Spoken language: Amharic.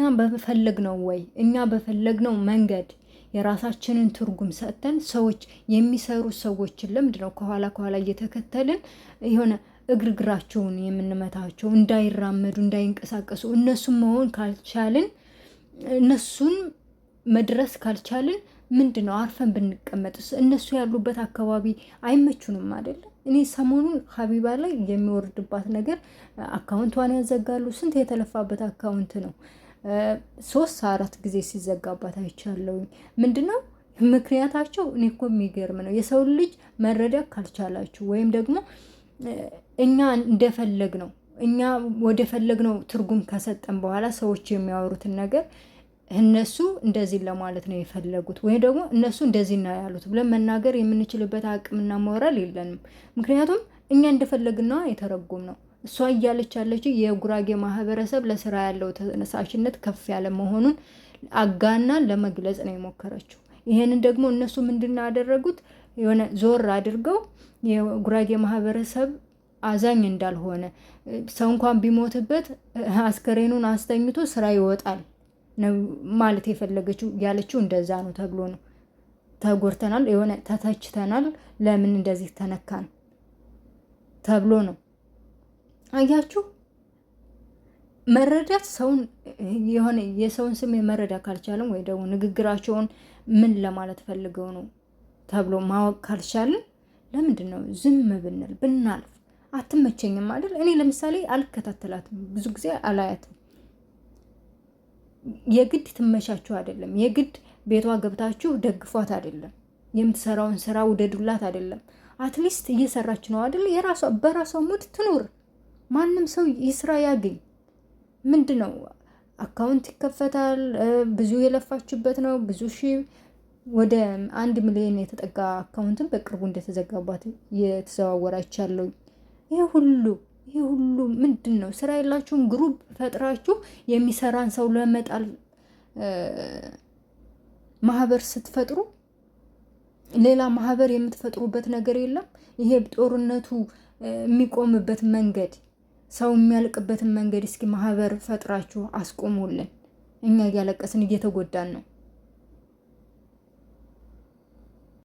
እኛ በፈለግነው ወይ እኛ በፈለግነው መንገድ የራሳችንን ትርጉም ሰጥተን ሰዎች የሚሰሩ ሰዎችን ልምድ ነው ከኋላ ከኋላ እየተከተልን የሆነ እግርግራቸውን የምንመታቸው እንዳይራመዱ እንዳይንቀሳቀሱ እነሱን መሆን ካልቻልን እነሱን መድረስ ካልቻልን ምንድን ነው አርፈን ብንቀመጥስ? እነሱ ያሉበት አካባቢ አይመቹንም አይደለም። እኔ ሰሞኑን ሀቢባ ላይ የሚወርድባት ነገር አካውንቷን ያዘጋሉ። ስንት የተለፋበት አካውንት ነው። ሶስት አራት ጊዜ ሲዘጋባት አይቻለውኝ። ምንድነው ምክንያታቸው? እኔ እኮ የሚገርም ነው። የሰውን ልጅ መረዳት ካልቻላችሁ ወይም ደግሞ እኛ እንደፈለግ ነው እኛ ወደ ፈለግ ነው ትርጉም ከሰጠን በኋላ ሰዎች የሚያወሩትን ነገር እነሱ እንደዚህ ለማለት ነው የፈለጉት ወይም ደግሞ እነሱ እንደዚህ ና ያሉት ብለን መናገር የምንችልበት አቅምና ሞራል የለንም። ምክንያቱም እኛ እንደፈለግና የተረጎም ነው እሷ እያለች ያለች የጉራጌ ማህበረሰብ ለስራ ያለው ተነሳሽነት ከፍ ያለ መሆኑን አጋና ለመግለጽ ነው የሞከረችው። ይሄንን ደግሞ እነሱ ምንድን ያደረጉት የሆነ ዞር አድርገው የጉራጌ ማህበረሰብ አዛኝ እንዳልሆነ ሰው እንኳን ቢሞትበት አስከሬኑን አስተኝቶ ስራ ይወጣል ማለት የፈለገችው ያለችው እንደዛ ነው ተብሎ ነው ተጎድተናል፣ የሆነ ተተችተናል፣ ለምን እንደዚህ ተነካን ተብሎ ነው አያችሁ መረዳት ሰውን የሆነ የሰውን ስም መረዳት ካልቻለን ወይ ደግሞ ንግግራቸውን ምን ለማለት ፈልገው ነው ተብሎ ማወቅ ካልቻለን ለምንድን ነው ዝም ብንል ብናልፍ? አትመቸኝም አይደል? እኔ ለምሳሌ አልከታተላትም፣ ብዙ ጊዜ አላያትም። የግድ ትመቻችሁ አይደለም፣ የግድ ቤቷ ገብታችሁ ደግፏት አይደለም፣ የምትሰራውን ስራ ውደዱላት አይደለም። አትሊስት እየሰራች ነው አይደል? የራሷ በራሷ ሙድ ትኑር። ማንም ሰው ይስራ ያገኝ። ምንድን ነው አካውንት ይከፈታል። ብዙ የለፋችበት ነው። ብዙ ሺ ወደ አንድ ሚሊዮን የተጠጋ አካውንትን በቅርቡ እንደተዘጋባት የተዘዋወረ አይቻለሁ። ይሄ ሁሉ ይሄ ሁሉ ምንድን ነው? ስራ የላችሁም? ግሩፕ ፈጥራችሁ የሚሰራን ሰው ለመጣል ማህበር ስትፈጥሩ ሌላ ማህበር የምትፈጥሩበት ነገር የለም። ይሄ ጦርነቱ የሚቆምበት መንገድ ሰው የሚያልቅበትን መንገድ እስኪ ማህበር ፈጥራችሁ አስቆሙልን። እኛ እያለቀስን እየተጎዳን ነው።